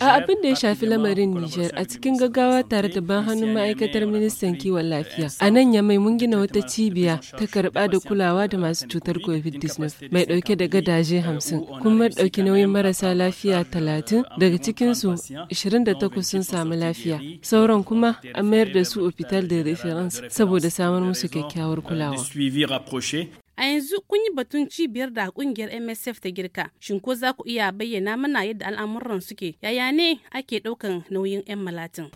A abin da ya shafi lamarin Nijar a cikin gaggawa tare da ban hannun ma'aikatar ministan kiwon lafiya. A nan ya mai mun gina wata cibiya ta karba da kulawa da masu cutar COVID-19 mai ɗauke da gadaje hamsin kuma ɗauki nauyin marasa lafiya 30 daga cikinsu 28 sun samu lafiya. Sauran kuma an mayar da su ofital da reference saboda samar musu kyakkyawar kulawa. A yanzu kun yi batun cibiyar da kungiyar MSF ta girka. Shin ko za ku iya bayyana mana yadda al'amuran suke? Yaya ne ake ɗaukan nauyin 'yan malatin?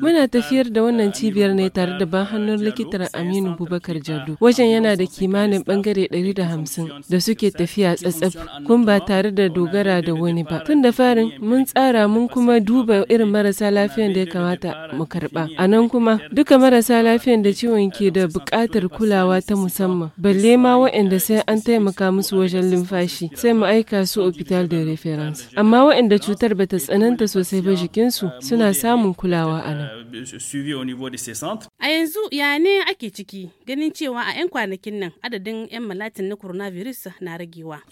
Muna tafiyar da wannan euh, cibiyar ne tare da ban hannun likitar Aminu Bubakar Jadu. Wajen yana da kimanin bangare 150 da suke tafiya tsatsaf kun ba tare da dogara da wani ba. Tun da farin mun tsara mun kuma duba irin marasa lafiyan da ya kamata mu karba. A nan kuma duka marasa lafiyan da ciwon ke da bukatar buƙatar kulawa ta musamman, balle ma waɗanda sai an taimaka musu wajen lumfashi sai mu aika su hospital da reference. Amma waɗanda cutar bata tsananta sosai ba jikinsu suna samun kulawa a nan. Euh, yanzu ya ne ake ciki ganin cewa a 'yan kwanakin nan adadin 'yan malatin na coronavirus na ragewa.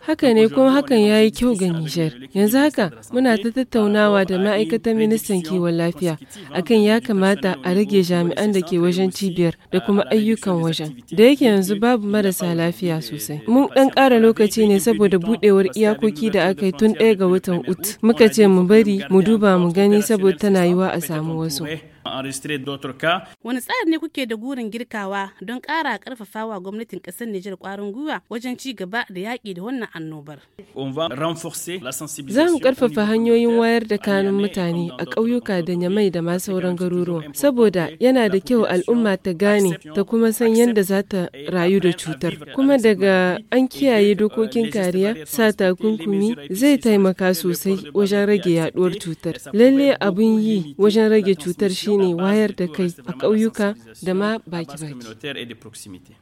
Haka ne kuma hakan ya yi kyau ga Nijar. Yanzu haka muna ta tattaunawa da ma'aikatan ministan kiwon lafiya akan ya kamata a rage jami'an da ke wajen cibiyar da kuma ayyukan wajen. Da yake yanzu babu marasa lafiya sosai. Mun ɗan ƙara lokaci ne saboda buɗewar iyakoki da aka yi tun ɗaya ga watan Ut. Muka ce mu bari mu duba mu gani saboda tana yiwa a samu wasu. Aristide Wani tsari ne kuke da gurin girkawa don ƙara ƙarfafawa gwamnatin ƙasar Nijar ƙwarin gwiwa wajen ci gaba da yaƙi da wannan annobar? Za mu ƙarfafa hanyoyin wayar da kanun mutane a ƙauyuka da nyamai da ma sauran garuruwa. Saboda yana da kyau al'umma ta gane ta kuma san yadda za ta rayu da cutar. Kuma daga an kiyaye euh, dokokin kariya sa takunkumi zai taimaka sosai wajen rage yaɗuwar cutar. Lalle abun yi wajen rage cutar shi shine wayar da kai a ƙauyuka da ma baki-baki.